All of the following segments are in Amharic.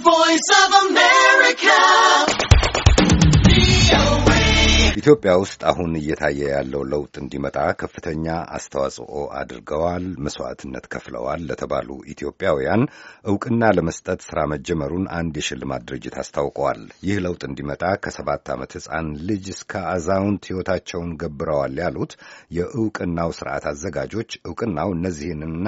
voice of a man. ኢትዮጵያ ውስጥ አሁን እየታየ ያለው ለውጥ እንዲመጣ ከፍተኛ አስተዋጽኦ አድርገዋል፣ መስዋዕትነት ከፍለዋል ለተባሉ ኢትዮጵያውያን እውቅና ለመስጠት ሥራ መጀመሩን አንድ የሽልማት ድርጅት አስታውቀዋል። ይህ ለውጥ እንዲመጣ ከሰባት ዓመት ሕፃን ልጅ እስከ አዛውንት ሕይወታቸውን ገብረዋል ያሉት የእውቅናው ሥርዓት አዘጋጆች እውቅናው እነዚህንና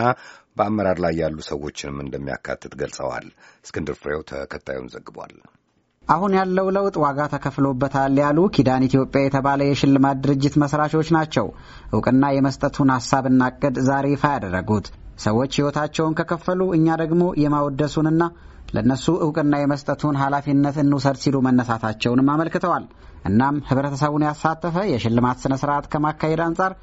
በአመራር ላይ ያሉ ሰዎችንም እንደሚያካትት ገልጸዋል። እስክንድር ፍሬው ተከታዩን ዘግቧል። አሁን ያለው ለውጥ ዋጋ ተከፍሎበታል ያሉ ኪዳን ኢትዮጵያ የተባለ የሽልማት ድርጅት መስራቾች ናቸው እውቅና የመስጠቱን ሀሳብና እቅድ ዛሬ ይፋ ያደረጉት። ሰዎች ሕይወታቸውን ከከፈሉ እኛ ደግሞ የማወደሱንና ለእነሱ እውቅና የመስጠቱን ኃላፊነት እንውሰድ ሲሉ መነሳታቸውንም አመልክተዋል። እናም ህብረተሰቡን ያሳተፈ የሽልማት ስነ ስርዓት ከማካሄድ አንጻር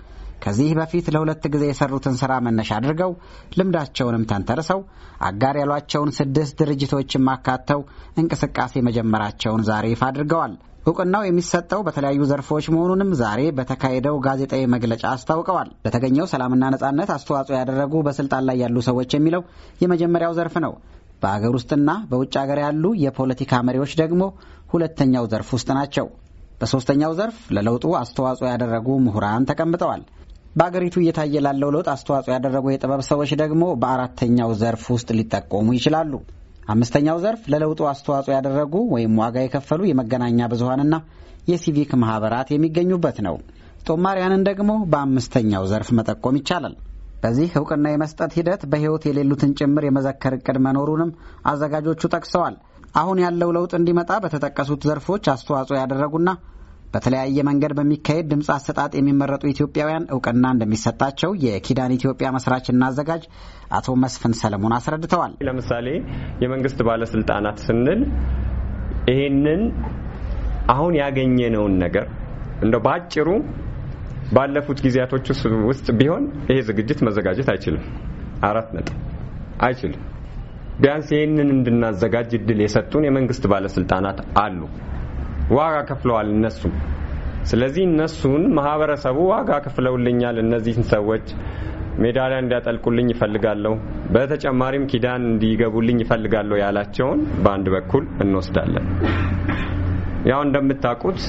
ከዚህ በፊት ለሁለት ጊዜ የሰሩትን ስራ መነሻ አድርገው ልምዳቸውንም ተንተርሰው አጋር ያሏቸውን ስድስት ድርጅቶችን ማካተው እንቅስቃሴ መጀመራቸውን ዛሬ ይፋ አድርገዋል። እውቅናው የሚሰጠው በተለያዩ ዘርፎች መሆኑንም ዛሬ በተካሄደው ጋዜጣዊ መግለጫ አስታውቀዋል። ለተገኘው ሰላምና ነጻነት አስተዋጽኦ ያደረጉ በስልጣን ላይ ያሉ ሰዎች የሚለው የመጀመሪያው ዘርፍ ነው። በአገር ውስጥና በውጭ አገር ያሉ የፖለቲካ መሪዎች ደግሞ ሁለተኛው ዘርፍ ውስጥ ናቸው። በሦስተኛው ዘርፍ ለለውጡ አስተዋጽኦ ያደረጉ ምሁራን ተቀምጠዋል። በአገሪቱ እየታየ ላለው ለውጥ አስተዋጽኦ ያደረጉ የጥበብ ሰዎች ደግሞ በአራተኛው ዘርፍ ውስጥ ሊጠቆሙ ይችላሉ። አምስተኛው ዘርፍ ለለውጡ አስተዋጽኦ ያደረጉ ወይም ዋጋ የከፈሉ የመገናኛ ብዙሀንና የሲቪክ ማህበራት የሚገኙበት ነው። ጦማሪያንን ደግሞ በአምስተኛው ዘርፍ መጠቆም ይቻላል። በዚህ እውቅና የመስጠት ሂደት በሕይወት የሌሉትን ጭምር የመዘከር እቅድ መኖሩንም አዘጋጆቹ ጠቅሰዋል። አሁን ያለው ለውጥ እንዲመጣ በተጠቀሱት ዘርፎች አስተዋጽኦ ያደረጉና በተለያየ መንገድ በሚካሄድ ድምፅ አሰጣጥ የሚመረጡ ኢትዮጵያውያን እውቅና እንደሚሰጣቸው የኪዳን ኢትዮጵያ መስራችና አዘጋጅ አቶ መስፍን ሰለሞን አስረድተዋል። ለምሳሌ የመንግስት ባለስልጣናት ስንል ይሄንን አሁን ያገኘነውን ነገር እንደ በአጭሩ ባለፉት ጊዜያቶች ውስጥ ቢሆን ይሄ ዝግጅት መዘጋጀት አይችልም። አራት ነጥብ አይችልም። ቢያንስ ይህንን እንድናዘጋጅ እድል የሰጡን የመንግስት ባለስልጣናት አሉ። ዋጋ ከፍለዋል እነሱ ስለዚህ እነሱን ማህበረሰቡ ዋጋ ከፍለውልኛል፣ እነዚህን ሰዎች ሜዳሊያ እንዲያጠልቁልኝ ይፈልጋለሁ፣ በተጨማሪም ኪዳን እንዲገቡልኝ ይፈልጋለሁ ያላቸውን በአንድ በኩል እንወስዳለን። ያው እንደምታውቁት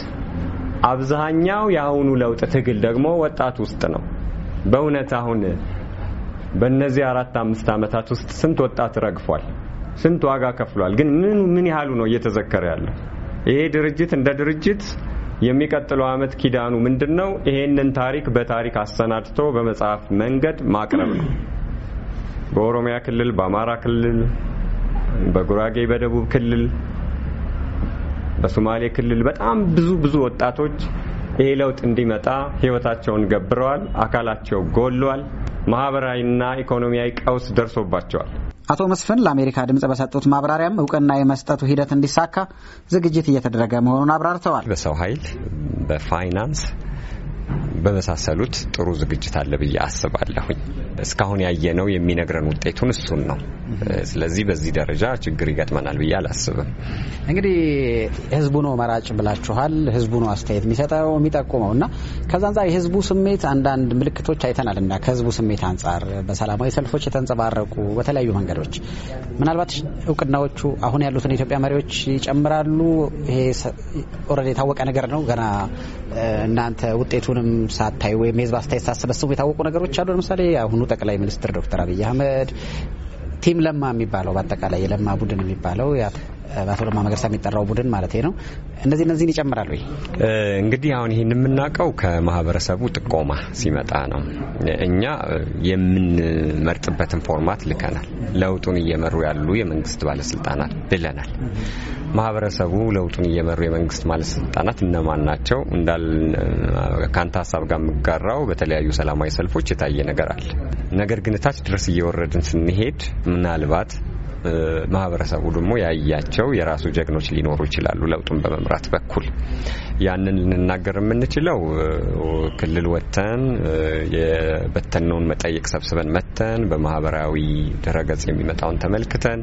አብዛኛው የአሁኑ ለውጥ ትግል ደግሞ ወጣት ውስጥ ነው። በእውነት አሁን በእነዚህ አራት አምስት ዓመታት ውስጥ ስንት ወጣት ረግፏል፣ ስንት ዋጋ ከፍሏል። ግን ምን ምን ያህሉ ነው እየተዘከረ ያለው? ይሄ ድርጅት እንደ ድርጅት የሚቀጥለው አመት ኪዳኑ ምንድን ነው? ይሄንን ታሪክ በታሪክ አሰናድቶ በመጽሐፍ መንገድ ማቅረብ ነው። በኦሮሚያ ክልል፣ በአማራ ክልል፣ በጉራጌ፣ በደቡብ ክልል፣ በሶማሌ ክልል በጣም ብዙ ብዙ ወጣቶች ይሄ ለውጥ እንዲመጣ ህይወታቸውን ገብረዋል። አካላቸው ጎሏል። ማህበራዊና ኢኮኖሚያዊ ቀውስ ደርሶባቸዋል። አቶ መስፍን ለአሜሪካ ድምፅ በሰጡት ማብራሪያም እውቅና የመስጠቱ ሂደት እንዲሳካ ዝግጅት እየተደረገ መሆኑን አብራርተዋል። በሰው ኃይል፣ በፋይናንስ በመሳሰሉት ጥሩ ዝግጅት አለ ብዬ አስባለሁኝ። እስካሁን ያየነው የሚነግረን ውጤቱን እሱን ነው። ስለዚህ በዚህ ደረጃ ችግር ይገጥመናል ብዬ አላስብም። እንግዲህ ህዝቡ ነው መራጭ ብላችኋል። ህዝቡ ነው አስተያየት የሚሰጠው የሚጠቁመው እና ከዛ አንጻር የህዝቡ ስሜት አንዳንድ ምልክቶች አይተናል እና ከህዝቡ ስሜት አንጻር በሰላማዊ ሰልፎች የተንጸባረቁ በተለያዩ መንገዶች ምናልባት እውቅናዎቹ አሁን ያሉትን የኢትዮጵያ መሪዎች ይጨምራሉ። ይሄ ኦልሬዲ የታወቀ ነገር ነው። ገና እናንተ ውጤቱንም ሳታይ ወይም የህዝብ አስተያየት ሳሰበስቡ የታወቁ ነገሮች አሉ። ለምሳሌ አሁኑ ጠቅላይ ሚኒስትር ዶክተር አብይ አህመድ ቲም ለማ የሚባለው በአጠቃላይ የለማ ቡድን የሚባለው በአቶ ለማ መገርሳ የሚጠራው ቡድን ማለት ነው። እነዚህ እነዚህን ይጨምራሉ። እንግዲህ አሁን ይህን የምናውቀው ከማህበረሰቡ ጥቆማ ሲመጣ ነው። እኛ የምንመርጥበትን ፎርማት ልከናል። ለውጡን እየመሩ ያሉ የመንግስት ባለስልጣናት ብለናል። ማህበረሰቡ ለውጡን እየመሩ የመንግስት ባለስልጣናት እነማን ናቸው? እንዳል ከአንተ ሀሳብ ጋር የምጋራው በተለያዩ ሰላማዊ ሰልፎች የታየ ነገር አለ። ነገር ግን ታች ድረስ እየወረድን ስንሄድ ምናልባት ማህበረሰቡ ደግሞ ያያቸው የራሱ ጀግኖች ሊኖሩ ይችላሉ። ለውጡን በመምራት በኩል ያንን ልንናገር የምንችለው ክልል ወጥተን የበተንነውን መጠይቅ ሰብስበን መተን በማህበራዊ ድረገጽ የሚመጣውን ተመልክተን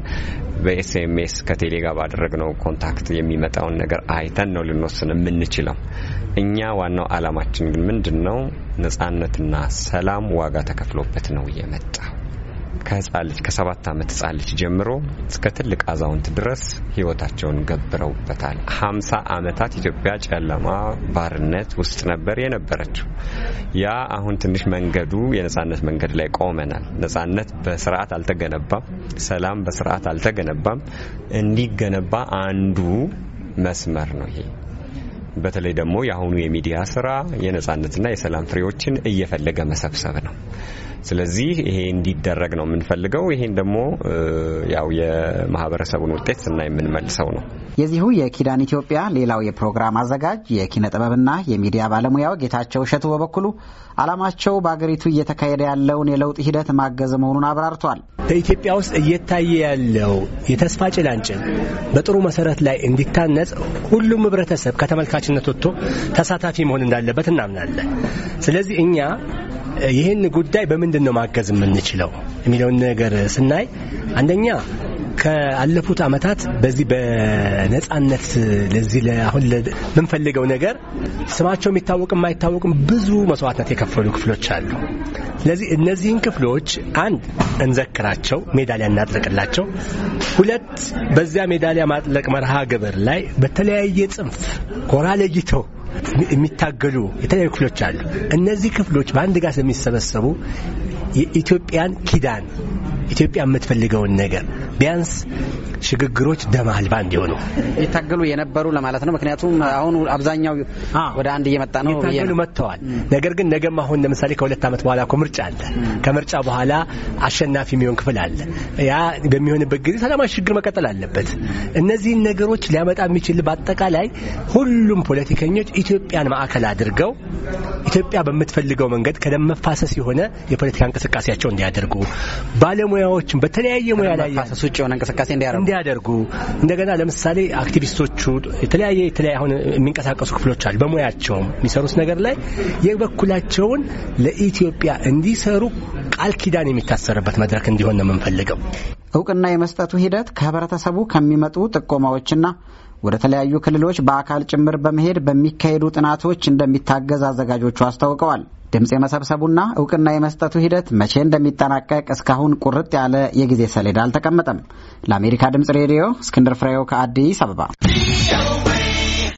በኤስኤምኤስ ከቴሌ ጋር ባደረግነው ኮንታክት የሚመጣውን ነገር አይተን ነው ልንወስን የምንችለው። እኛ ዋናው አላማችን ግን ምንድን ነው? ነጻነትና ሰላም ዋጋ ተከፍሎበት ነው የመጣው። ከህፃን ልጅ ከሰባት ዓመት ህፃን ልጅ ጀምሮ እስከ ትልቅ አዛውንት ድረስ ህይወታቸውን ገብረውበታል። ሀምሳ ዓመታት ኢትዮጵያ ጨለማ ባርነት ውስጥ ነበር የነበረችው። ያ አሁን ትንሽ መንገዱ የነጻነት መንገድ ላይ ቆመናል። ነጻነት በስርዓት አልተገነባም። ሰላም በስርዓት አልተገነባም። እንዲገነባ አንዱ መስመር ነው ይሄ። በተለይ ደግሞ የአሁኑ የሚዲያ ስራ የነጻነትና የሰላም ፍሬዎችን እየፈለገ መሰብሰብ ነው። ስለዚህ ይሄ እንዲደረግ ነው የምንፈልገው። ይሄን ደግሞ ያው የማህበረሰቡን ውጤት ስናይ የምንመልሰው ነው። የዚሁ የኪዳን ኢትዮጵያ ሌላው የፕሮግራም አዘጋጅ የኪነ ጥበብና የሚዲያ ባለሙያው ጌታቸው እሸቱ በበኩሉ አላማቸው በአገሪቱ እየተካሄደ ያለውን የለውጥ ሂደት ማገዝ መሆኑን አብራርቷል። በኢትዮጵያ ውስጥ እየታየ ያለው የተስፋ ጭላንጭል በጥሩ መሰረት ላይ እንዲታነጽ ሁሉም ህብረተሰብ ከተመልካችነት ወጥቶ ተሳታፊ መሆን እንዳለበት እናምናለን። ስለዚህ እኛ ይህን ጉዳይ በምንድን ነው ማገዝ የምንችለው የሚለውን ነገር ስናይ አንደኛ ከአለፉት ዓመታት በዚህ በነጻነት ለዚህ አሁን ለምንፈልገው ነገር ስማቸው የሚታወቅም የማይታወቅም ብዙ መስዋዕትነት የከፈሉ ክፍሎች አሉ። ስለዚህ እነዚህን ክፍሎች አንድ እንዘክራቸው፣ ሜዳሊያ እናጥለቅላቸው። ሁለት በዚያ ሜዳሊያ ማጥለቅ መርሃ ግብር ላይ በተለያየ ጽንፍ ጎራ ለይተው የሚታገሉ የተለያዩ ክፍሎች አሉ። እነዚህ ክፍሎች በአንድ ጋር ስለሚሰበሰቡ የኢትዮጵያን ኪዳን ኢትዮጵያ የምትፈልገውን ነገር ቢያንስ ሽግግሮች ደም አልባ እንዲሆኑ ይታገሉ የነበሩ ለማለት ነው። ምክንያቱም አሁን አብዛኛው ወደ አንድ እየመጣ ነው። ይታገሉ መጥተዋል። ነገር ግን ነገም አሁን ለምሳሌ ከሁለት ዓመት በኋላ እኮ ምርጫ አለ። ከምርጫ በኋላ አሸናፊ የሚሆን ክፍል አለ። ያ በሚሆንበት ጊዜ ሰላማዊ ሽግግር መቀጠል አለበት። እነዚህን ነገሮች ሊያመጣ የሚችል በአጠቃላይ ሁሉም ፖለቲከኞች ኢትዮጵያን ማዕከል አድርገው ኢትዮጵያ በምትፈልገው መንገድ ከደም መፋሰስ የሆነ የፖለቲካ እንቅስቃሴያቸው እንዲያደርጉ ባለሙያዎችን በተለያየ ሙያ ላይ ውጭ የሆነ እንቅስቃሴ እንዲያደርጉ እንዲያደርጉ እንደገና ለምሳሌ አክቲቪስቶቹ የተለያየ የተለያየ አሁን የሚንቀሳቀሱ ክፍሎች አሉ። በሙያቸውም የሚሰሩት ነገር ላይ የበኩላቸውን ለኢትዮጵያ እንዲሰሩ ቃል ኪዳን የሚታሰርበት መድረክ እንዲሆን ነው የምንፈልገው። እውቅና የመስጠቱ ሂደት ከህብረተሰቡ ከሚመጡ ጥቆማዎችና ወደ ተለያዩ ክልሎች በአካል ጭምር በመሄድ በሚካሄዱ ጥናቶች እንደሚታገዝ አዘጋጆቹ አስታውቀዋል። ድምፅ የመሰብሰቡና እውቅና የመስጠቱ ሂደት መቼ እንደሚጠናቀቅ እስካሁን ቁርጥ ያለ የጊዜ ሰሌዳ አልተቀመጠም። ለአሜሪካ ድምፅ ሬዲዮ እስክንድር ፍሬው ከአዲስ አበባ